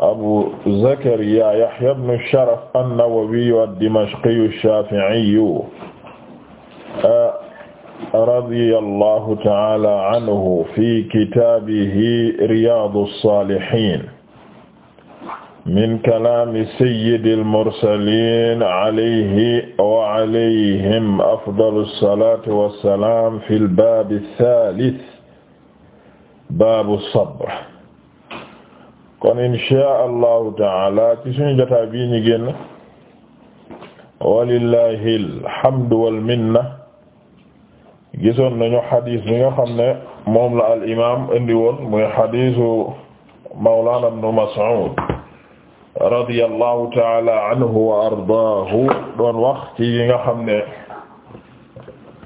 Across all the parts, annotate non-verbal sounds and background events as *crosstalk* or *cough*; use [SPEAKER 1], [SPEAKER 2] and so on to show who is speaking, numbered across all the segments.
[SPEAKER 1] abu zakariya yahya ibn sharaf an-nawawi ad-dimashqi ash-shafi'i uh, radiyallahu ta'ala anhu fi kitaabihi riyaadu s-saalihiin min kalaami sayyidil mursaliin alayhi wa alayhim afdalu s-salaati wa s-salaam fil baabi th-thaalith baabu s-sabr kon insha allahu taala ci suñu jotaay bii ñu génn walillahi alhamdu wal minna gisoon nañu xadis bi nga xam ne moom la al imaam indi woon muy xadisu mawlana ibnu Mas'ud radiyallahu taala anhu wa ardaahu doon wax ci nga xam ne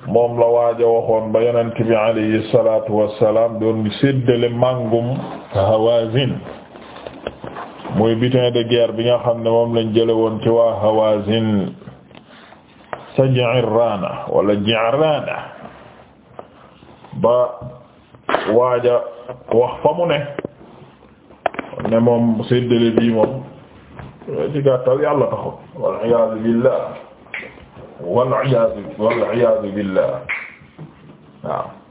[SPEAKER 1] moom la waaja waxoon ba yonent bi alayhi salaatu wassalaam doon Hawaazin muy butin de guerre bi nga xam ne moom lañ jële woon ci waa Hawazin sa Ji'rana wala Ji'rana ba waaja wax fa mu ne ne moom séddale bii moom ci gàttal yàlla taxut wal iyaazu billah wal iyaazu wal iyaazu billah waaw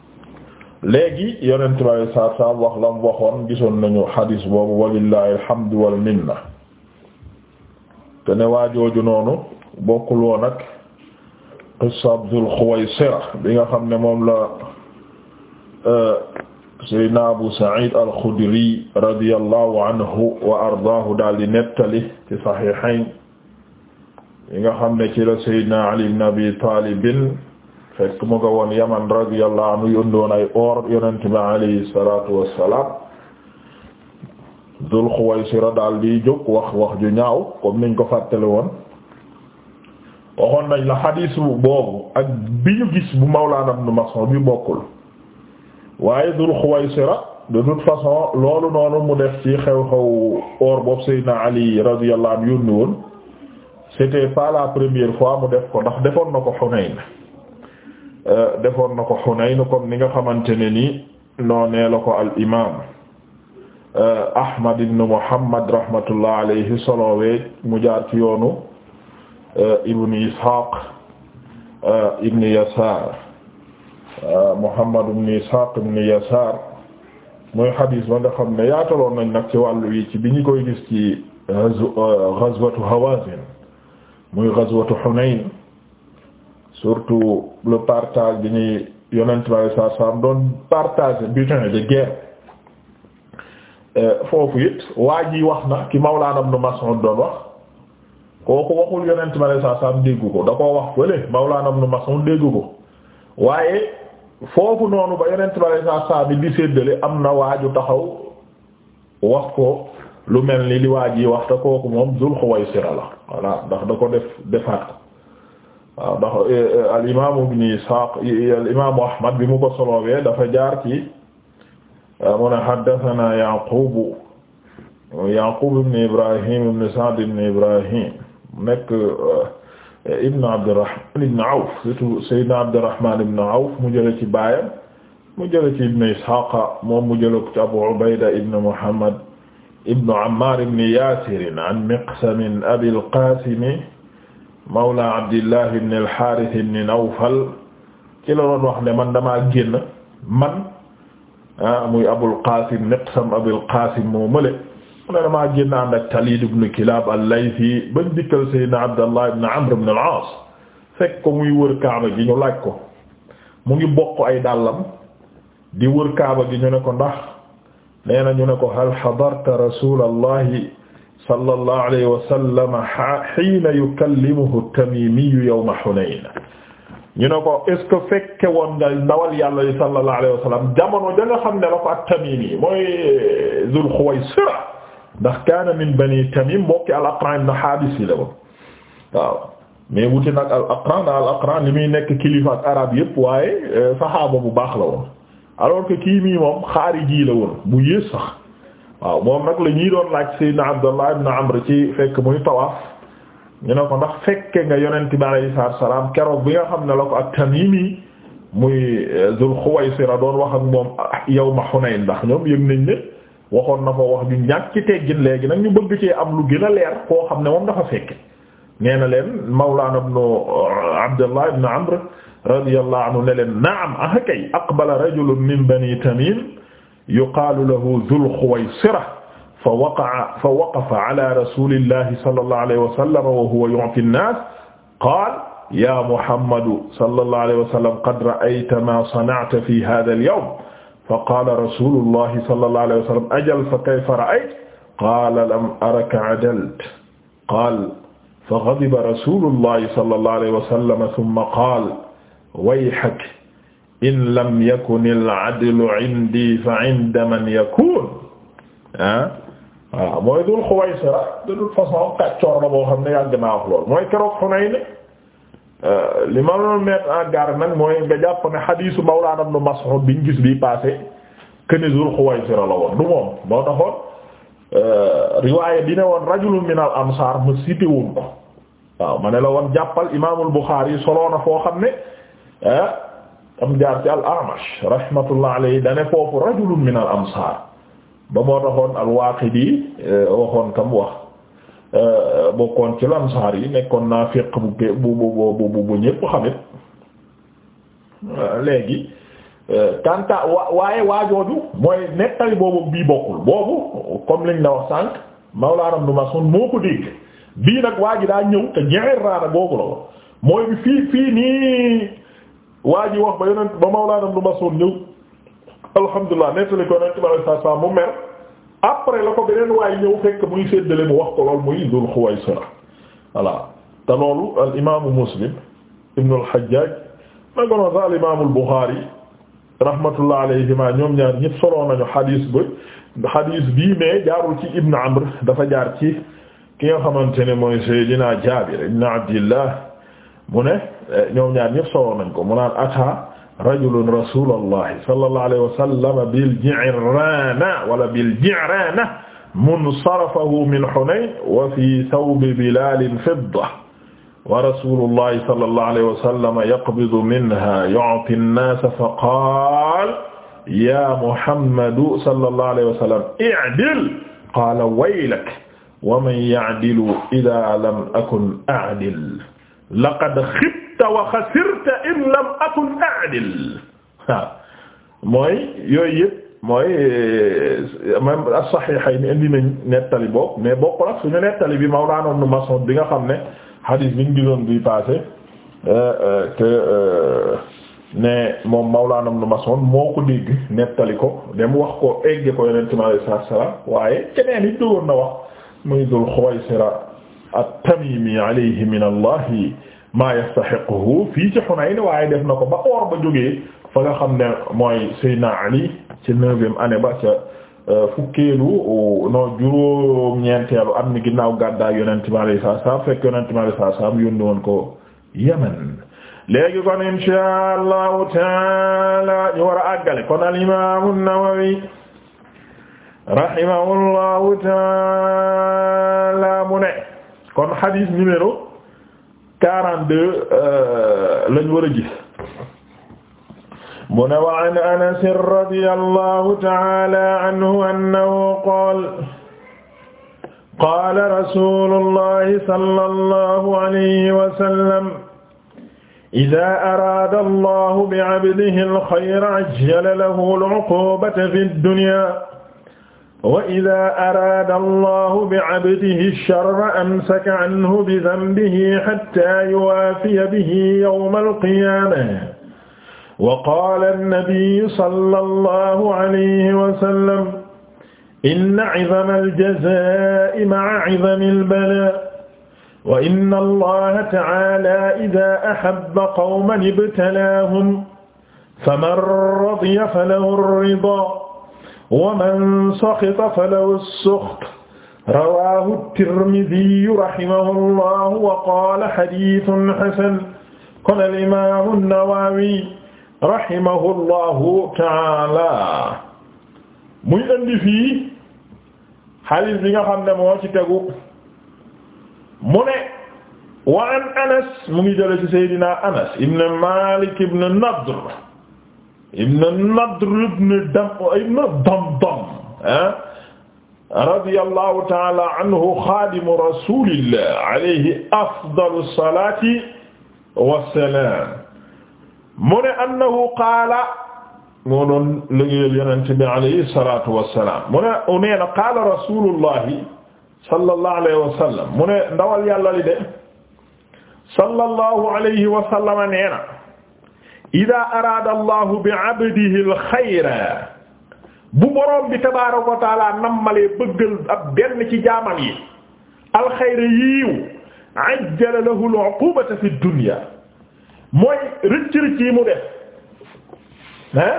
[SPEAKER 1] léegi yonent bi alayhi wax lam waxoon gisoon nañu xadiis boobu walillahi alhamdu wal minna te ne waajooju noonu bokkul woon ak Abdul Xuwaysira bi nga xam ne moom la euh, Seydina Abu Saïd al-Xudri radiyallahu anhu wa daal di nettali ci saxiixayn yi nga xam ne ci la Ali ibn Abi Taalib fekk mu nga woon yaman radiyallahu anhu yóndoon ay or yonent bi alayhi salatu wassalam Dul Xuwaysira daal di jóg wax wax ju ñaaw comme niñ ko fàttale woon waxoon nañ la xadiis boobu ak bi ñu gis bu Mawlaana Ibn Mas'ud bi bokkul waaye Dul Xuwaysira de toute façon loolu noonu mu def ci xew-xew or boobu Seydina Ali radiyallahu anhu yónni woon c'était pas la première fois mu def ko ndax defoon na ko Xunayn Euh, defoon na ko Hunayn comme ni nga xamante ne ni noonee la ko al imaam euh, Ahmad ibn Muhammad rahmatullah alayhi mu jaar ci yoonu euh, Ibn Ishaq Ibn Yasar Muhammad ibn Ishaq ibn Yasar mooy xadiis ba nga xam ne yaataloon nañ nag ci wàllu wi ci bi ñu koy gis ci ghazwatu Hawazin muy ghazwatu Hunayn surtout le partage bi ñuy yonent bi alayhi salaatu doon partage butin de guerre euh, foofu it waa ji wax na ki Mawlaana Ibn Mas'ud doon wax kooku waxul yonent bi alayhi salaatu salaam ko da koo wax fële Mawlaana Ibn Mas'ud déggu ko waaye foofu noonu ba yonent bi alayhi salaatu di séddale am na waa ju taxaw wax ko lu mel ni li waa ji wax te kooku moom Zul Xuwaysira la voilà ndax da ko def defaat waaw ndax eh, eh, al imaamu ibn Isaaq eh, al imaamu Ahmad bi mu ko solowee dafa jaar ci mu ne haddathana Yaqub Yaqub ibn Ibrahim ibn Sa'd ibn Ibrahim nekk ibn Abdurrahman ibn Awf surtout Sayyidina Abdurrahman ibn Awf mu jële ci baayam mu jële ci ibn Ishaq moom mu jële ci Abu Ubayda ibn Muhammad ibn Ammar ibn Yasir an Miqsam Abil Qasim mawla abdillah ibn al-Harith ibn Nawfal ci la doon wax ne man damaa génn man muy Abul Qasim Miqsam Abul Qasim moo mële mu ne damaa génn ànd ak Talid ibn Kilab al-Laythi bañ dikkal sayyidina Abdallah ibn Amr ibn al fekk ko muy wër Kaaba gi ñu laaj ko mu ngi bokk ay dàllam di wër Kaaba gi ñu ne ko ndax nee na ñu ne ko hal hadarta rasulallahi sallallahu alayhi wa sallam hiina yukallimuhu at-Tamimi yawma Hunayn ñu ne ko est ce que fekke woon nga ndawal yàlla yi sallallahu alayhi wa sallam jamono da nga xam ne la ko at-Tamimi mooy Zul Khuwaysira ndax kaana min bani Tamim mbokki al-Aqra' ibn Haabis yi la woon waaw mais wuti nag al-Aqra' ndax al-Aqra' li muy nekk kilifa ak arab yëpp waaye euh, saxaaba bu baax la woon alors que kii mii moom xaariji la woon bu yées sax. waaw moom nag la ñuy doon laaj sayyidna Abdallah ibn Amr ci fekk muy tawaaf ñu ne ko ndax fekke nga yonent bi a salaam keroog bi nga xam ne la ko ak Tamimi muy eh, Zul Xuwaysira doon wax ak moom ah, yawma Hunayn ndax ñoom yëg nañ ne waxoon na ko wax ju ñàkk teggin léegi nag ñu bëgg cee am lu gën a leer koo xam ne moom dafa fekk ne na leen Mawlana ibn eh, Abdallah ibn Amr radiyallahu ne leen naam ah kay aqbala rajulun min bani Tamim yuqaalu lahu Dul Xuwaysira fa waqa'a fa waqafa ala rasulillahi sallallahu alayhi wa sallam wa huwa yu'ti an-naas qaala yaa Muhammadu sallallahu alayhi wa sallam qad ra'ayta maa sana'ta fi haadha al-yawm fa qaala rasulullahi sallallahu alayhi wa sallam ajal fa kayfa ra'ayta qaala lam araka 'adalta qaala fa ghadiba rasulullahi sallallahu alayhi wa sallam thumma qaala wayhak in lam yakun al adlu indi fa inda man yakun ah waaw ah, mooy dul Xuwaysira de toute façon kàccoor la boo xam ne yàgg naa wax lool mooy keroog Xunayn ah, li ma doon mettre en garde nag mooy nga jàpp ne xadiisu Mawlaana Ibn Mas'ud biñ gis bii passé que ne dul Xuwaysira la woon du moom moo taxoon ah, riwaaya bi ne woon rajulun min al ansaar ma cité woon ko waaw ma ne la woon jàppal Imaamul Buxaari solo na foo xam ne ah. am jaar ci al-A'mash rahmatullah alayhi dane foofu rajulun min al-ansaar ba moo taxoon al-Waaqidi eh, waxoon kam wax eh, bokkoon ci lansaar yi nekkoon naafiq bu bu bu bu bu ñépp xamit eh, léegi kanta wa waaye waajooju mooy nettali boobu bii bokkul boobu comme liñ la wax sànq Mawlaana Ibn Mas'ud moo ko dégg bii nag waa ji daa ñëw te Ji'irraana googu la woon mooy bi fii fii nii waa ji wax ba yonent ba Mawlaana Ibn Mas'ud ñëw alhamdulilah nettali ko yonent bi alayhi salaam mu mer après la ko beneen waaye ñëw fekk muy séddale mu wax ko lool muy Dul Xuwaysira voilà te loolu al imaamu Muslim ibn al Hajjaj na ko noonu al imaamu al Buxaari rahmatullah alayhima ñoom ñaar ñëpp solo nañu xadiis bi xadiis bii mais jaarul ci Ibn Amr dafa jaar ci ki nga xamante ne mooy Seydina Jaabir ibn Abdillah mu ne eh, ñoom ñaar ñëpp solo nañ ko mu naan ata rajulun rasulallahi sallallahu alayhi wa sallam bil ji'rana wala bil ji'rana munsarafahu min hunayn wa fi thawbi bilalin fidda wa rasulullahi sallallahu alayhi wa sallam yaqbidu minha yu'ti an-nasa fa qala ya muhammadu sallallahu alayhi wa sallam i'dil qala waylak wa man ya'dilu idha lam akun a'dil laqad xibta wa xasirta in lam akun a'dil mooy yooyu yëpp mooy eh, même as-Sahihayn indi nañ nettali boobu mais bokkul ak suñu nettali bi Mawlana Ibn Mas'ud bi nga xam ne hadith bi ñu gisoon bi passé te eh, eh, moom Mawlana Ibn Mas'ud moo ko dégg nettali ko dem wax ko egge ko Yonent mi sallallahu waaye keneen it dëwoon na wax muy dul Xuwaysira at-Tamimi alayhi min Allah maa yastahiquhu fii ci Hunayn waaye def na ko ba or ba jógee fa nga xam ne mooy sina Ali ci neuvième année ba ca euh, fukkeelu euh, non juróom-ñeenteelu am ni ginnaaw gàddaay Yonent bi alayhi salaam fekk Yonent bi alayhi salaam ko Yemen léegi kon inshaa Allahu taala ñu war a àggale kon al-Imaamu Nawawi rahimahullahu taala mu ne kon hadith numéro quarante deux euh, lañ war a gis mu ne wa an anas radiyallahu ta'ala anhu annahu qaala qaala rasulullahi sallallahu alayhi wa sallam idaa araada allahu bi'abdihi al-khayra ajjala lahu al-'uqubata fi ad-dunya wa idaa araada allahu bi'abdihi sharra amsaka anhu bidhanbihi hattaa yuwaafiya bihi yawmal qiyaamah wa qaala annabiyyu sallallahu alayhi wa sallam inna 'izama al-jazaa'i ma'a 'izami al-balaa' wa inna allaha ta'aalaa idaa ahabba qawman ibtalaahum faman radiya falahu ar-ridaa wa man saxita falahu suxt rawaahu Tirmidi rahimahullah wa qaala hadiisun hasan kon al imaamu Nawawi rahimahullahu taala muy indi fii hadiis bi nga xam ne moo ci tegu mu ne wa an Anas mu ngi jële ci Seydina Anas ibn Maalik ibn Nadr ibn Nadr ibn Dam ibn Damdam ah, radiyallahu ta'ala anhu xaadimu rasulillah alayhi afdalu salaati wa salaam mu ne annahu qaala moo doon liggéeyal yonent bi alayhi salaatu wa salaam mu ne u nee na qaala rasulullahi sallallahu alayhi wa sallam mu ne ndawal yàlla li de sallallahu alayhi wa sallam nee na ida araada allahu bi abdihi alxayra bu boroom bi tabaaraka wa taala nammalee bëggal ab benn ci jaamal yi alxayra yiiw ajjala lahu al-uqubata fi dunya mooy rëcc rëcc yi mu def ah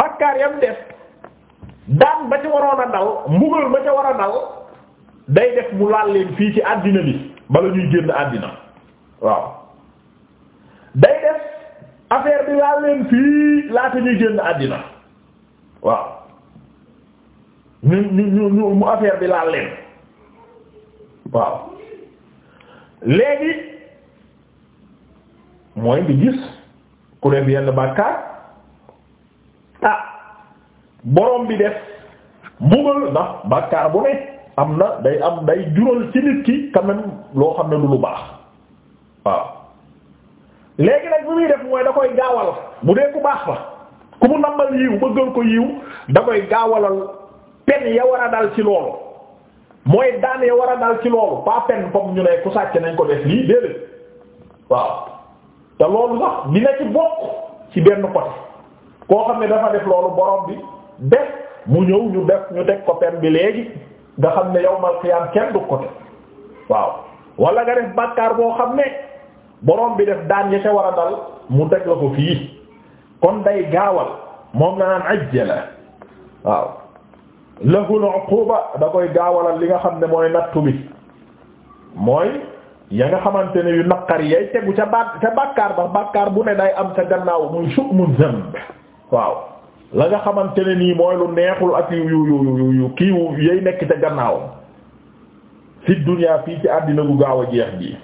[SPEAKER 1] bàkkaar yam def daan ba ca waroon a dal mbugal ba ca war a dal day def mu laal leen fii ci àddina bi bala ñuy génn àddina waaw day def affaire bi laal leen fii laata ñuy génn àddina waaw ñu ñu ñu ñu mu affaire bi laal leen waaw léegi mooy bi gis ku def yenn bàkkaar ah borom bi def mbugal ndax bàkkaar bu ne am na day am day jural ci nit ki quand loo xam ne du lu baax waaw léegi nag bi muy def mooy da koy gaawal bu dee ku baax ba ku mu namal yiw bëggal ko yiw da koy gaawalal pen ya war a dal ci loolu mooy daan ya war a dal ci loolu pas pen comme ñu ne ku sàcc nañ ko def lii déedéet waaw te loolu sax dina ci bokk ci benn côté koo xam ne dafa def loolu borom bi def mu ñëw ñu def ñu teg ko pen bi léegi nga xam ne yawmal qiyaam kenn du côté waaw wala nga def bàkkaar boo xam ne. borom bi def daan ya ca war a dal mu teg la ko fii kon day gaawal moom la naan ajjala waaw lahul uquba da koy gaawalal li nga xam ne mooy nattu bi mooy ya nga xamante ne yu naqar yay tegu ca ba ca bàkkaar ba bàkkaar bu ne day am ca gannaaw muy sukmu zamb waaw la nga xamante ne nii mooy lu neexul ak yu yu yu yu kiiwu yay nekk ca gannaawam fi dunya fii ci àddina gu gaaw a jeex bii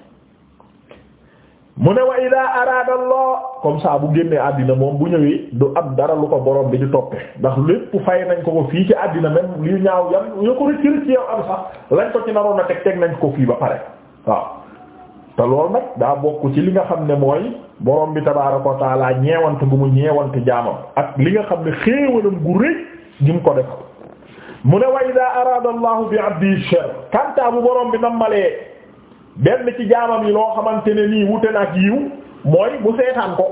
[SPEAKER 1] mu ne wa ida araada Allah comme ça bu génnee àddina moom bu ñëwee du am dara lu ko borom bi di toppe ndax lépp fay nañ ko ko fii ci àddina même li ñaaw yam yoo ko rëcc ci yow am sax lañ ko ci naroon a teg teg nañ ko fii ba pare waaw te loolu nag daa bokk ci li nga xam ne mooy borom bi tabaaraka wa taala ñeewant bu mu ñeewant jaamam ak li nga xam ne xéewalam gu rëy gi mu ko def mu ne wa ida araada bi abdi sharr kanta bu borom bi benn ci jaamam yi loo xamante ne nii wute na ak yiw mooy mu seetaan ko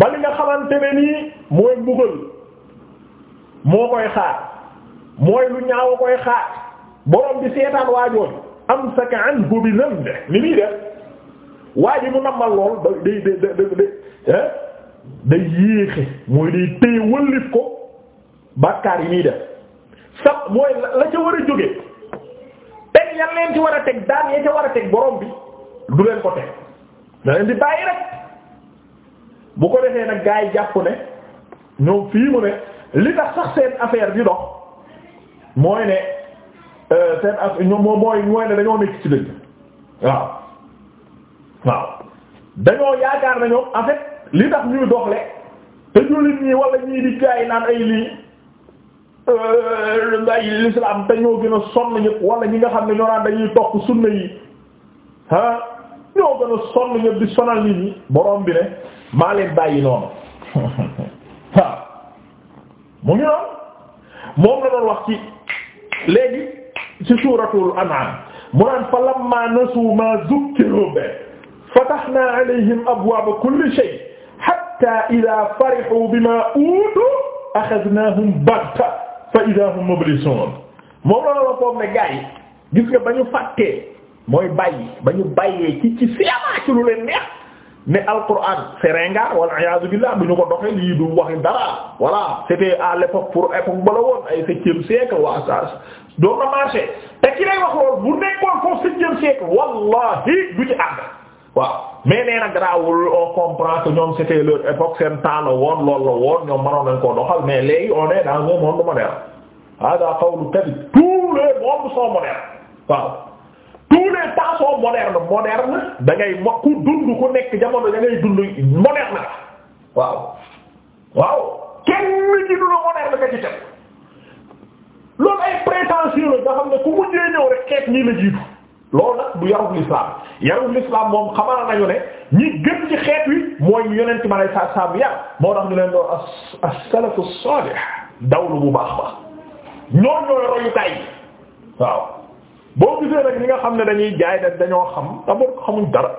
[SPEAKER 1] ba li nga xamante ne nii mooy mbugal moo koy xaar mooy lu ñaaw a koy xaar borom bi seetaan waajoon am saka anhu bi nam de ni muy def waa ji mu nammal lool day day day day day eh? yéexe mooy day téye wëllif ko bàkkaar yi muy def sax mooy la ca war a jóge leen yan leen ci war a teg daan ya ca war a teg borom bi du leen ko teg da leen di bàyyi rek bu ko defee nag gaa yi jàpp ne ñoom fii mu ne li tax sax seen affaire di dox mooy ne euh, ñoom mooy mooy ne dañoo nekk ci dëgg waaw waaw dañoo yaakaar na ñoom li tax ñuy doxle te jullit ñi wala ñii di gaa naan ay lii. Euh, ay l'islam te ñoo a sonn wala ñi xam ne ñoo naan dañuy topp sunna yi ah di sonal nit ñi borom bi ne *laughs* doon wax ci léegi ci suuratul an'am mu naan fa lamma nasu ma zukkiru bi fatahna alayhim abwaaba kulli shay hatta idha farihu bima uutu akhadnahum baghtatan fa idaa hum mublisun moom la la foog ne gaa yi gis nga ba ñu fàttee mooy bàyyi ba ñu bàyyee ci ci siyamaa ci lu leen neex ne alquran serenga wala a'yaazu billah bu ñu ko doxee lii du waxi dara voilà c'était à l'époque pour époque bala woon ay septième siècle waa sa doon na marché te ki lay wax loolu bu nekkoon foofu septième siècle wallahi du ci ànd waaw mais nee na garaawul on comprend que ñoom c'était leur époque seen temps la woon loolu la woon ñoom mënoon nañ koo doxal mais léegi on est dans un monde moderne hada qawlu kadib tous les mondes sont modernes waaw tous les temps sont modernes moderne da ku dund nekk jamono da ngay dund waaw waaw kenn ci dund moderne ka ci teg loolu ay prétention la nga xam ne ku mujjee ñëw rek xeet ñii la jiitu loolu nag du yarub l'islam yarub l'islam moom xamal nañu ne ñi gën ci xeet wi mooy ñu yonent ma lay saa saabu yar moo tax ñu leen doon as-salafu daw lu bu baax ba ñoom ñooy royukaay waaw boo gisee nag ñi nga xam ne dañuy jaay da dañoo xam d'abord ko xamuñ dara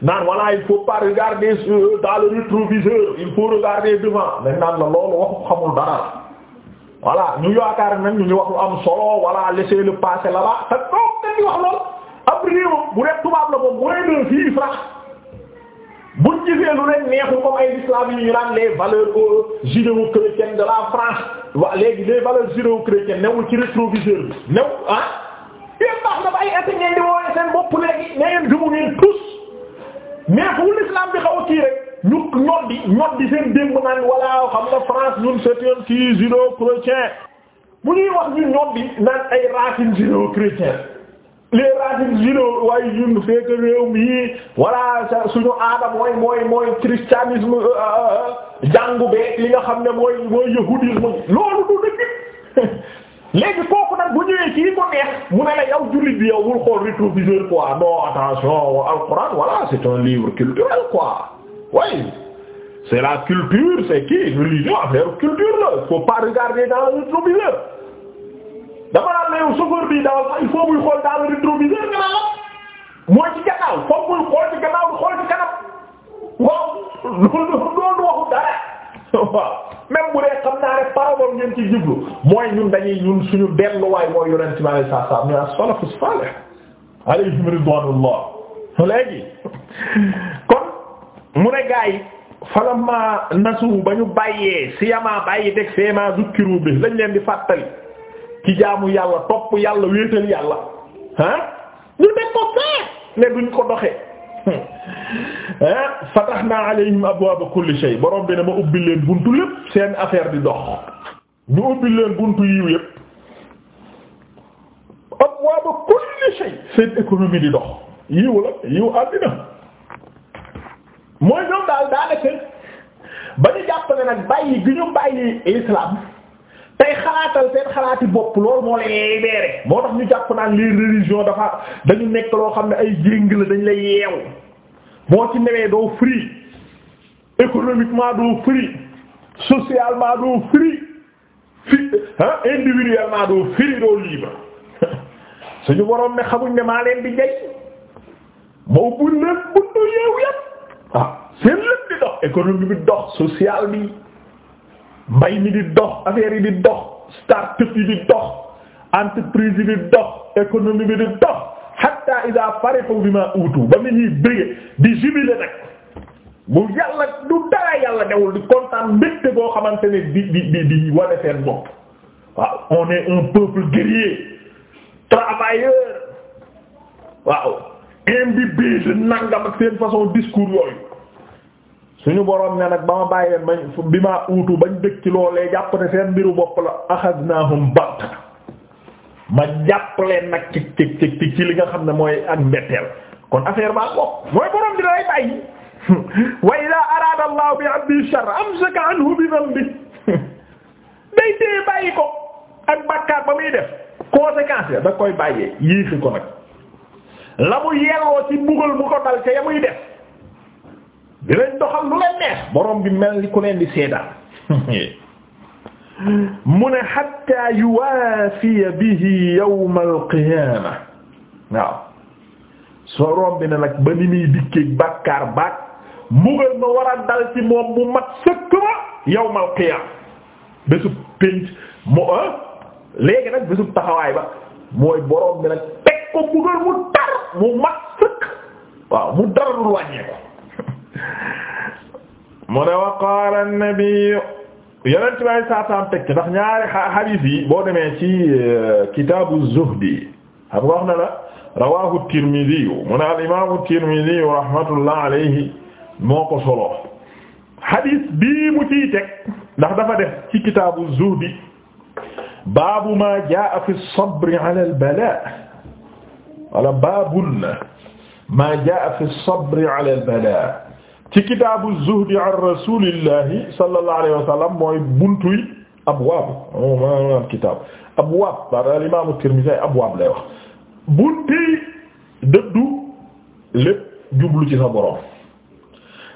[SPEAKER 1] naan voilà il faut pas regarder euh, dans le rétroviseur il faut regarder devant dañ naan la loolu waxu xamul dara voilà ñu yaakaar nag ñu ngi wax lu am solo voilà laisser le passé là-bas te toog dañ wax lool ab réewam bu dee tubaab la moom bu dee dee fii sax buñ gisee lu leen neexul comme les valeurs judéo-chrétiennes de la France wa léegi les valeurs judéo-chrétiennes newul ci rétroviseur bi new ah yéen baax na ba ay ati ngeen di woowee seen bopp ne ngeen gëmu ngeen tous fu l'islam bi xaw a kii rek. ñu ñoddi ñoddi seen démb naan walla xam nga France ñun c'est un kii judéo-chrétien bu wax ñu ñoddi naan ay racines judéo-chrétiennes les racines waaye ñun fekk réew mi walla suñu aada mooy mooy mooy christianisme euh, euh, jàngu be li nga xam ne mooy mooy yahudisme loolu du dëgg *laughs* léegi kooku nag bu ñëwee kii ko neex mu ne la yow jullit bi yow bul xool rétroviseur quoi non attention alxuraan voilà c'est un livre culturel quoi. waaye c'est la culture c'est qui religion affaire culture la il faut pas regarder dans le rétroviseur dama naan la il faut muy xool dans le rétroviseur mooy ci gannaaw foog muy xool ci gannaaw di xool ci kanam waaw loolu loolu waxu dara waaw même bu dee xam naa rek parabole ngeen ci jublu mooy ñun dañuy ñun suñu delluwaay mooy yonent bi alayhi salaam ñu as-salafu salih alayhim ridwanullah léegi mu ne gaa yi falamma nasu ba ñu bàyyee si yamaa bàyyi teg seemaa zukkiru bi lañ leen di fàttali ci jaamu yàlla topp yàlla wéetal yàlla ah ñu def ko fee ne duñ ko doxee *laughs* ah fatahna alayhim abwaaba kulli shay borom bi ne ma ubbi leen buntu lépp seen affaire di dox ñu ubbi leen buntu yiw yépp abwaaba kulli shay seen économie di dox yiw la yiw àddina mooy ñoom daal daanaka ba ñu jàpp ne nag bàyyi gi ñu bàyyi islam tey xalaatal seen xalaati bopp loolu moo lay libéré moo tax ñu jàpp naan les religions dafa dañu nekk loo xam ne ay jéng la dañ la yeewu moo ci newee doo free économiquement doo free socialement doo free fi individuellement doo free doo libre *laughs* suñu waroon ne xamuñ ne maa leen di njëkk moo buñ leen buntu yeewu yépp waaw ah, seen lépp di dox économie bi dox social bi mbay mi di dox affaire yi di dox start yi di dox entreprise yi di dox économie bi di dox hatta iza farihu bima utu ba mu ñuy bëgge di jubiler nag bu yàlla du dara yàlla dewul di kontaan mbégte boo xamante ne di di di di wane seen bopp waaw on est un peuple guerrier travailleur waaw imbibé nangam ak seen façon discours yooyu suñu borom ne nag ba ma bàyyi leen bañ bi maa uutu bañ dëkk loolee jàpp ne seen mbiru bopp la axadnaahum baxta ma jàpp leen nag ci ci ci li nga xam ne mooy ak mbetteel kon affaire ba bopp mooy borom bi lay bàyyi *laughs* wa idaa araada allahu bi abdi sharra amsaka anhu bi *laughs* day téye bàyyi ko ak bàkkaar ba muy def conséquence ya da koy bàyyee yéexi ko nag la mu yelloo ci mbugal mu ko dal ya muy def dinañ doxal lu leen neex borom bi mel ni ku leen di seedaan *laughs* mu ne hatta yuwaafiya bihi yawm al-qiyaama waaw soo rom bi ne nag ba ni muy dikkeeg bàkkaar baat mbugal ma war a dal ci moom mu mat sëkk ma yawm al-qiyaama bésu pénc mu ah léegi nag bésu taxawaay ba mooy borom bi nag teg ko mbugal mu tar mu mat sëkk waaw mu dara dul wàññeeku mu ne wa qaala an-nabi yeneen ci waay saasaam tekki ndax ñaari hadith yi boo demee ci euh, kitaabu zuhdi xam nga wax na la rawaahu Tirmidi mu ne al imaamu Tirmidi rahmatullah alayhi moo ko solo hadith bii mu ciy teg ndax dafa def ci kitaabu zuhdi baabu maa jaa fi sabri ala al-balaa wala baabun maa jaa fi sabri ala al-balaa ci kitaabu zuhdi an rasulillahi mooy buntuy abwaab oh, maanaam kitaab abwaab par al imam at abwaab lay wax bunti dëddu lépp jublu ci sa borom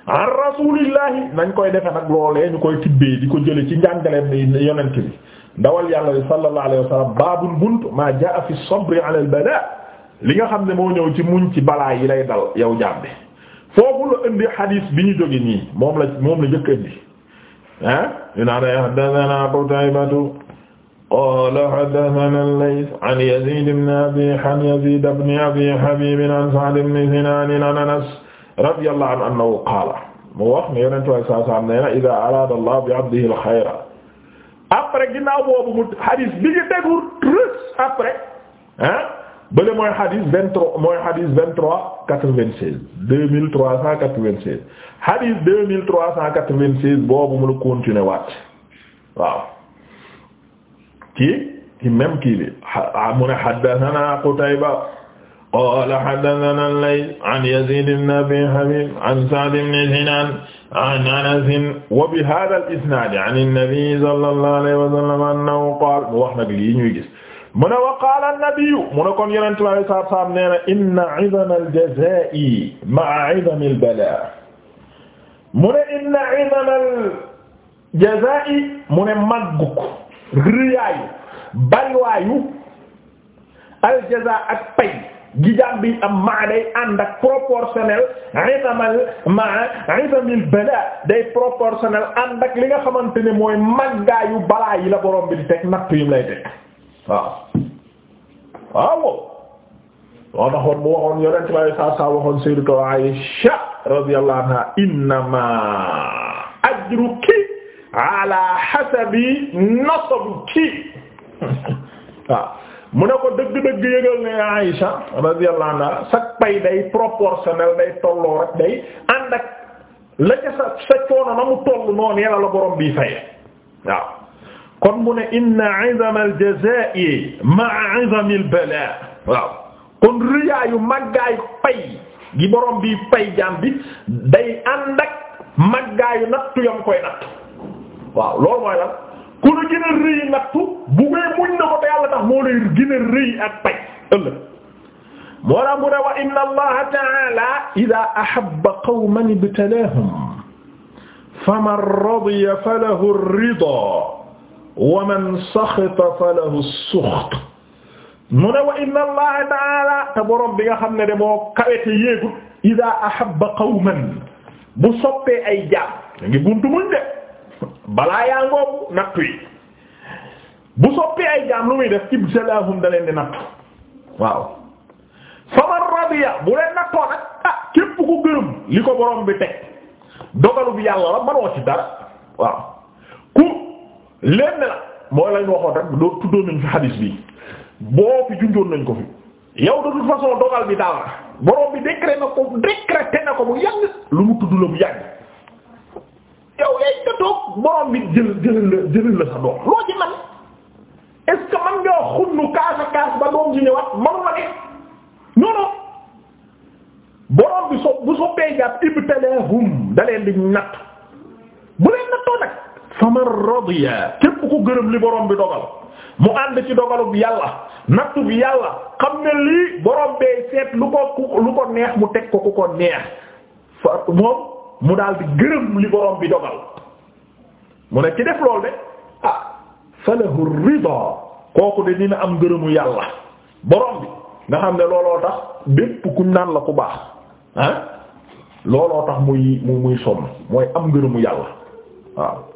[SPEAKER 1] an rasulillahi nañ koy defe nag loolee ñu koy tibbee di ko jële ci njàngaleem yonent bi ndawal yàlla li sallallahu alayhi baabul bunt ma jaa fi sabri ala balaa li nga xam ne moo ñëw ci muñ ci balaa yi lay dal yow jàmbe foofu la indi hadith bi ñu jóge nii moom la moom la njëkk indi ah yu naa day haddathana Qutaybatu qala haddathana al-Layth an Yazid ibn Abi an Yazid ibn Abi Habib an Sa'd ibn Sinan an Anas radiyallahu anhu annahu qaala mu wax ne yonentu way saa saam nee na idha arada Allah bi abdihi al-khayra après ginnaaw boobu mu hadith bi ñu déglu après ah bële mooy xadis vingt trois mooy xadis vingt trois quatre vingt seize deux mille trois cent quatre vingt seize xadis deux mille trois cent quatre vingt seize boobu mu la continuer waat waaw kii ci même kii bi mu ne haddathana Qutayba qala haddathana al-Layth an Yazid ibn Abi Habib an Sa'd ibn Sinan an Anas wa bi hadha al-isnad an an-nabi sallallahu alayhi wa sallam annahu qala wax nag lii ñuy gis mu ne wa qaala an-nabiyyu mu ne kon yonent bi sallallahu alayhi wa sallam nee na inna 'izama al-jazaa'i al-balaa mu ne inna 'izama al-jazaa'i mu ne màgguk riyaayu al-jazaa' ak pay gi jaam am maa day ànd ak proportionnel izamal maa izamil bala day proportionnel ànd ak li nga xamante ne mooy màggaayu balaa la borom bi di teg natt yi waaw waaw loo taxoon mu waxoon yonent bi saa saa waxoon sayyidatu Aisha radiyallahu anha innama ajruki ala hasabi nasabuki *laughs* waaw mu ne ko dëgg-dëgg yëgal ne Aisha radiyallahu anha sak pay day proportionnel day tolloo rek day ànd la ca sa sa na mu toll noonu yàlla la borom bi fay kon mu ne inna izama al-jazaa'i ma'a izami al-balaa waaw kon riyaayu màggaayu pay gi borom bi pay jaam bi day ànd ak màggaayu nattu yam koy nattu waaw loolu mooy lan ku la gën a rëy nattu bu ngay muñ na ko te yàlla tax moo lay gën a rëy ak pay ëllëg moo la mu ne wa inna allaha ta'ala idha ahabba qawman ibtalaahum faman radiya falahu ar-ridaa wa man saxita falahu suxt mu ne inna allaha taala te borom bi nga xam ne de moo kawete yéegut ida ahabba qawman bu soppee ay jaam da ngi balaa yaa ngoobu nattu bu soppee ay jaam lu muy def ibtalaahum da leen di nattu waaw faman bu leen nattoo nag ah ku gërëm li ko borom bi teg dogalu bi yàlla la manoo ci dara waaw lenn la mooy lañ waxoon rek doo tuddoon nañ fi xadiis bi boo fi junjoon nañ ko fi yow de façon dogal bi daal borom bi décrété na na ko bu yàgg lu mu tudd la bu yàgg yow yaay nga toog borom bi jël jëlal la jëlal la sa doom loo ci man est man nga xunnu kaasa kaas ba doom ji ñëwaat manu la ne non non bi so bu soppee jàpp ibtalahum da leen di natt bu leen nattoo nag faman radiya képp ku gërëm li borom bi dogal mu ànd ci dogalub yàlla nattu bu yàlla xam ne lii borom bee seet lu ko lu ko neex mu teg ko ku ko neex fa moom mu daal di gërëm li borom bi dogal mu ne ci def lool de ah falahu rida kooku de dina am gërëmu yàlla borom bi nga xam ne looloo tax bépp kuñ naan la ku baax ah looloo tax muy muy sonn mooy am ngërëmu yàlla waaw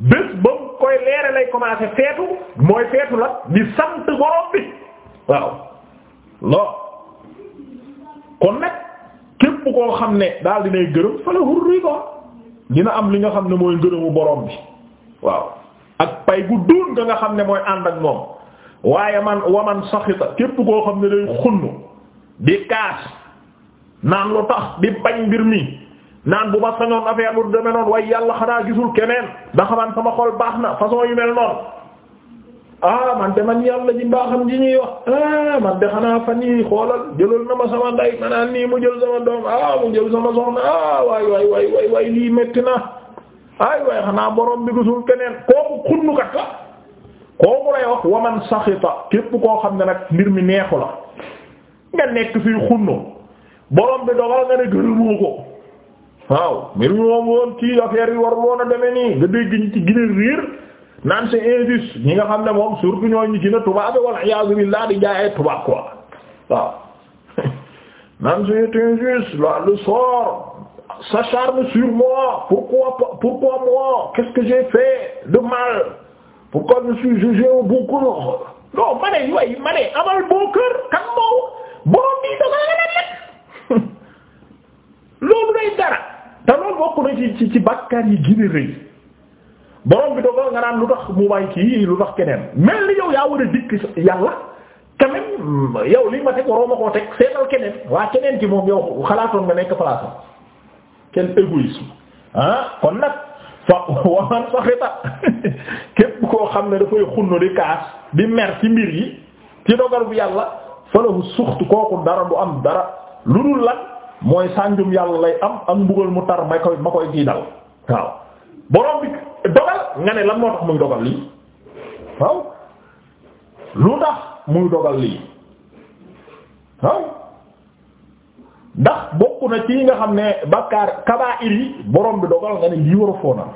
[SPEAKER 1] bés ba mu koy leere lay commencé feetu mooy feetu la di sant borom bi waaw lo kon nag képp koo xam ne daal dinay gërëm fala hurri ko dina am li nga xam ne mooy gërëmu borom bi waaw ak pay gu duun nga nga xam ne mooy ànd ak moom waaye man man saxita képp koo xam ne day xunn di kaas naan lu tax di bañ mbir mii naan bu ma sañoon affaire bu demee noonu waaye yàlla xanaa gisul keneen ndax man sama xol baax na façon yu mel ah man de man yàlla ji mbaaxam ji ñuy wax ah man de xanaa fan yii xoolal jëlal na ma sama nday ma naan nii mu jël sama doom ah mu jël sama soxna ah waay waay waay lii métti na ay waay xanaa borom bi gisul keneen kooku xunnukat la kooku lay wax waman saxita képp koo xam ne nag mbir mi neexu la nga nekk fii xunnu borom bi dogal nga ne waaw mbir mi woon kii affaire yi war woon a demee nii nga dégg ñi ci gën a réer naan c'est injuste nga xam ne moom surtout ñoo ñu gën a tubaabe walla iyaazu billaah di jaayee tubaab quoi waaw *laughs* naan c'est injuste le sort s'acharne sur moi pourquoi pourquoi moi quest que j'ai fait de mal pourquoi je suis jugé au bon cœur non ma ne ma ne amal bon cœur kan moo borom bi da ngaa la lekk *laughs* loolu day dara. te loolu bokk na ci ci ci yi gën a rëy borom bi dogal nga naan lu tax mu may kii lu tax keneen mel ni yow yaa war a dikk yàlla quand même yow li ma teg waroo ma koo teg seetal keneen waa keneen ki moom yow xalaatoon nga nekk place am kenn égoïsme ah kon nag fa *laughs* waman saxita *laughs* képp koo xam ne dafay xunnu di kaas di mer ci mbir yi ci dogal bu yàlla falahu suxtu kooku dara du am dara lu dul lan mooy sànjum yàlla lay am ak mbugal mu tar ma koy ma koy gii dal waaw borom bi dogal nga ne lan moo tax muy dogal lii waaw lu tax muy dogal lii waaw ndax bokk na ci nga xam ne bakkaar kabaa'ir yi borom bi dogal nga ne lii war a foonal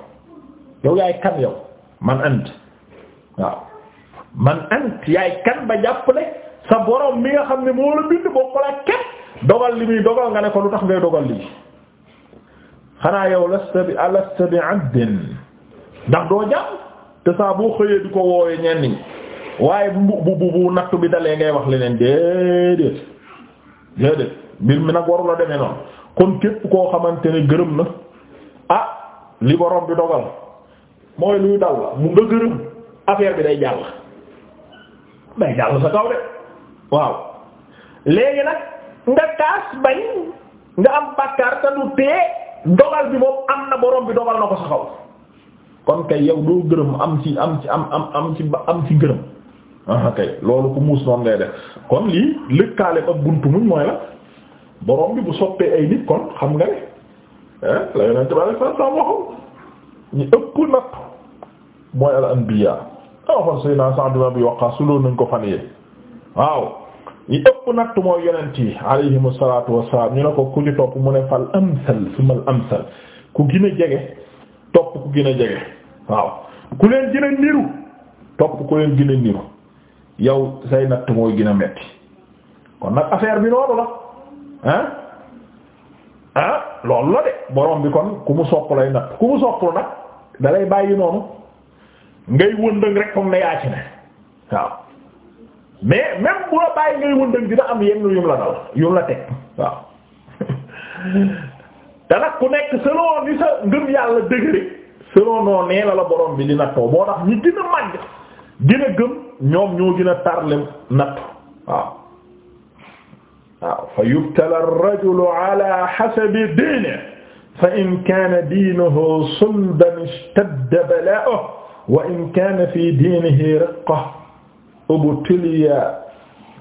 [SPEAKER 1] yow yaay kan yow man ant waaw man ant yaay kan ba jàpp ne sa borom mi nga xam ne moo la bind bokk la kenn dogal li muy dogal nga ne ko lu tax ngay dogal lii xanaa yow lasta bi alasta bi abdin ndax doo jàpp te saa boo xëyee di ko woowee ñenn ñi waaye bu bu bu nattu bi dalee ngay wax leneen déedéet déedéet mbir mi nag warula demee noonu kon képp koo xamante ne gërëm na ah li borom bi dogal mooy luy dal la mu nga gërëm affaire bi day jàll day jàll sa kaw de waaw léegi nag nga kaas bañ nga am bàkkaar te dogal bi moom am na borom bi dogal na ko sa xaw kon kay yow doo gërëm am ci am ci am am am ci am ci gërëm ah kay loolu ku muus noonu ngay def kon lii lëkkaale ak bunt muñ mooy la borom bi bu soppee ay nit kon xam nga ne ah la yonent bi sallallahu alayhi wasallam waxoon ñu ëpp natt mooy al anbiya ah waxoon Seydina Sa'd ibn Abi Waqqas su loolu nañ ko fan ñi ëpp natt mooy yonent yi alayhimu salaatu wassalaam ñu ne ko ku ñu topp mu ne fal amsal sumal amsal ku gën a jege topp ku gën a jege waaw ku leen gën a niru topp ku leen gën a niru yow say natt mooy gën a metti kon nag affaire bi noonu la ah ah loolu la de borom bi kon ku mu sopp lay natt ku mu soppul nag dalay bàyyi noonu ngay wëndëng rek comme ne yaa ci ne waaw mais même bu la bàyyi ngay wëndëng dina am yenn yum la dal yum la teg waaw *laughs* te nag ku nekk selon ni sa ngëm yàlla dëgëre selon noo nee la la borom bi di nattoo boo tax ñi gën a màgg gën a gëm ñoom ñoo gën a tarle natt waaw waaw fa yubtala ala hasabi diinihi fa in kaana diinuhu sulban ishtadda balaa'uhu wa in kaana fi diinihi riqqah ubtuliya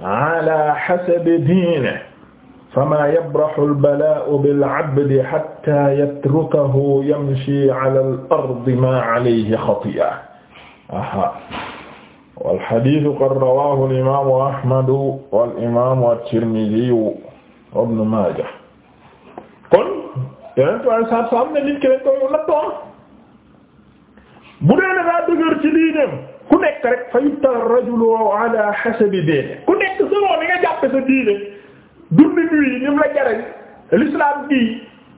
[SPEAKER 1] ala hasabi diinihi famaa yabrahu al-balaa'u bil-'abdi hattaa yatrukahu yamshi ala al-ardi maa 'alayhi khatii'a. Aha, wal-hadiithu qad rawaahu al-imaamu Ahmadu wal-imaamu at-Tirmidhiyu wa Ibnu Maajah. Kon yeneen tubaab saabsaab ne nit ki dañ koy nattoo bu dee da ngaa dëgër ci diineem. ku nekk rek fa yubta rajulu ala hasabi diine ku nekk selon ni nga jàppe sa diine dundin wii lim la jaral l'islam bii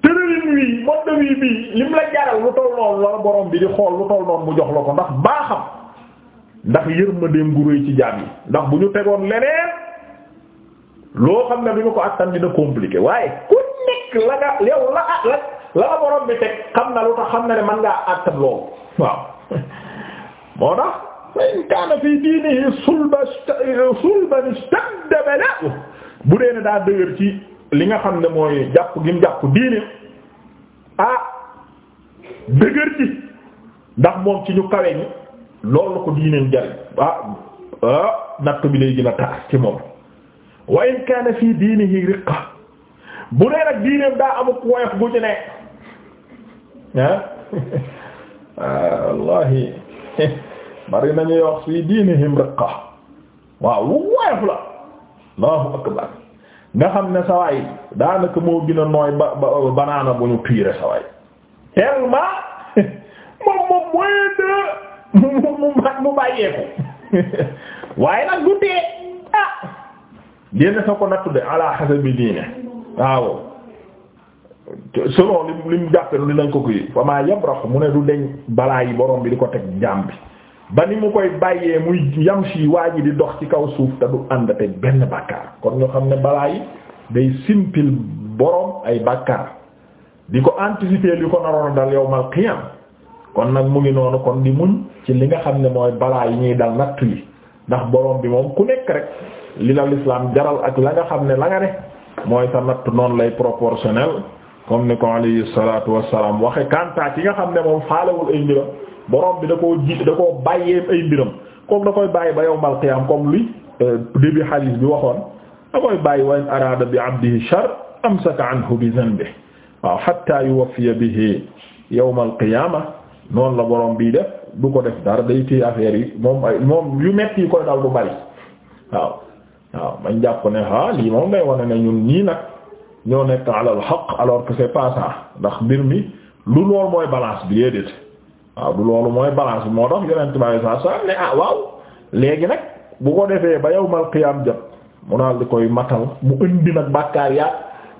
[SPEAKER 1] tëralin wii mode wii bii lim la jaral lu toll noonu la borom bi di xool lu toll noonu mu jox la ko ndax baaxam ndax yërmandeem gu rëy ci jaam yi ndax bu ñu tegoon leneen loo xam ne bi nga ko attan dina compliqué waaye ku nekk la nga yow la ah la la nga bi teg xam na lu tax xam ne man ngaa attan loolu waaw *laughs* moo tax in kaana fii diinihi sulba sulban istadda bala'u bu dee ne daa dëgër ci li nga xam ne mooy jàpp gi mu jàpp diine ah dëgër ci ndax moom ci ñu kawe ñi loolu ko diineen jariñ ah ah natt bi lay gën a tar ci moom wa in kaana fii diinihi riqa bu dee nag diineem daa amuk woyof gu ci ne ah, *laughs* ah wallahi *laughs* bari nañuy wax fii diinihim riqa waaw lu la allahu xam ne sawaay daanaka moo gën a nooy ba banaana bu ñu piire sawaay tellement *laughs* moom moom mu mu bàyyeeku *laughs* waaye nag du ah génn sa ko nattu de ala bi diine waaw selon lim lim jàppelu li nañ ko ko yi fa maa yabraxu mu ne du deñ balaa yi borom bi di ko teg jaam bi ba ni mu koy bàyyee muy yamshi waa ji di dox ci kaw suuf te du ànd te benn bàkkaar kon ñoo xam ne balaa yi day simpil boroom ay bàkkaar di ko anticiper li ko naroon a dal yawmal qiyam kon nag mu ngi noonu kon di muñ ci li nga xam ne mooy balaa yi ñuy dal natt yi ndax boroom bi moom ku nekk rek li la lislaam jaral ak la nga xam ne la nga ne mooy sa natt noonu lay proportionnel comme ni ko alayhi salaatu wassalaam waxe kantaa ci nga xam ne moom faalewul ay mbiram borom bi da koo ji da koo bàyyee ay mbiram kooku da koy bàyyi ba yawmal qiyaam comme li euh, début hadith bi waxoon da koy bàyyi wa in araada bi abdihi shar amsaka anhu bi zanbihi waaw hatta yuwaffiya bihi yawmal qiyaama noonu la borom bii def du ko def dara day téye affaire yi moom ay moom yu metti yi koy dal du bari waaw waaw man jàpp ne ah lii moom day wane ne ñun ñii nag ñoo nekk alal xaq alors que c'est ndax mbir mi lu lool mooy balance bi yéedéet waaw du loolu mooy balance bi moo tax yonent bi saa saa ne ah waaw léegi nag bu ko defee ba yawmal qiyaam jot mu daal di koy matal mu indi nag bàkkaar yaa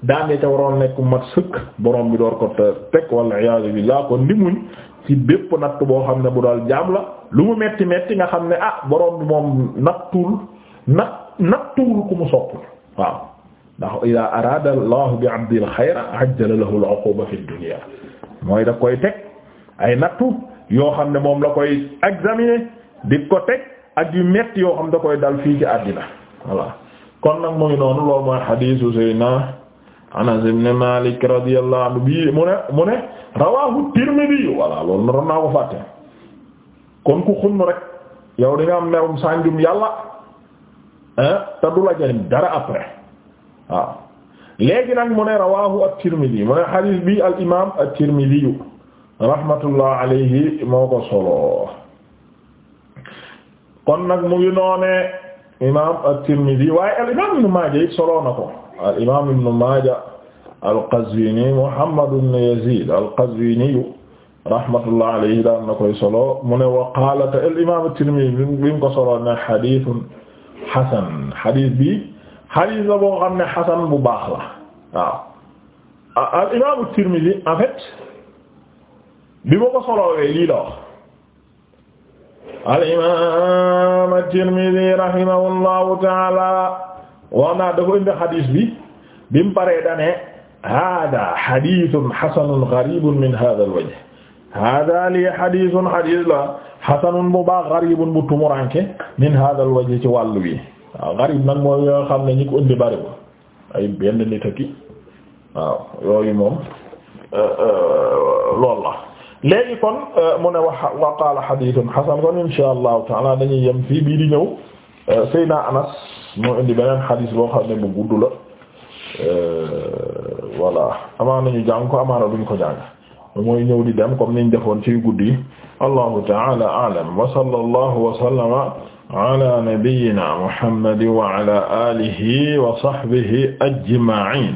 [SPEAKER 1] daan ca waroon nekk mat sëkk borom bi door ko teg walla iyaazu billaah kon di bépp natt boo xam ne bu daal jaam la lu mu metti metti nga xam ne ah boroom bi moom nattul nat nattuwul ku mu soppul waaw ndax idaa araada allahu bi abdil xayra ajjala lahu al uquba fi dunya mooy da koy teg ay nattu yoo xam ne moom la koy examiner di ko ak yu metti yoo xam da koy dal fii ci àddina voilà kon nag muy noonu loolu mooy xadiisu Seydina Anas ibn Malik radiyallahu anhu bii mu ne mu ko fàtte kon ku xunn rek yow di nga am merum sànjum yàlla te du la jëriñ dara après waaw léegi nag mu ne rawahu at-Tirmidhi mu ne xadiis bi al imam at-Tirmidhi rahmatullah alayhi moo ko solo kon nag mu ngi noone imam at-Tirmidhi waaye al imam Ibn Maaja it solo na ko al imam Ibn Maaja al-Qazwini Muhammad ibn Yazid al-Qazwini rahmatullah alayhi daan na koy solo mu ne wa qaala te al imam at-Tirmidhi bi mu ko solo ne hadithun hasan hadith bi hadith la boo xam ne hasan bu baax la waaw al imam at-Tirmidhi en fait bi ma ko soloowee lii la wax al imaam at-Tirmidhi rahimahullahu taala wax naa dafa indi xadiis bi bi mu paree dane hada xadiisun xasanun garibun min hada al-wajh hada lii xadiisun xadiis la xasanun bu baax garibun bu tumuranke min hada al-wajh ci wàllu wi waaw garib nag mooy yoo xam ne ñi ko indi bari ay benn nit a ki waaw yooyu moom euh, euh, lool la léegi kon euh, mu ne wax wa qaala hadithun hasan kon insha allahu taala dañuy yem fii bii di ñëw euh, Seydina Anas moo indi beneen hadith boo xam ne bu gudd la euh, voilà amaana ñu jàng ko amaana duñ ko jàng mooy ñëw di dem comme niñ defoon ci guddi yi allahu taala a'lam wa sallallahu wa sallama ala nabiyyina muhammadin wa ala alihi wa sahbihi ajma'in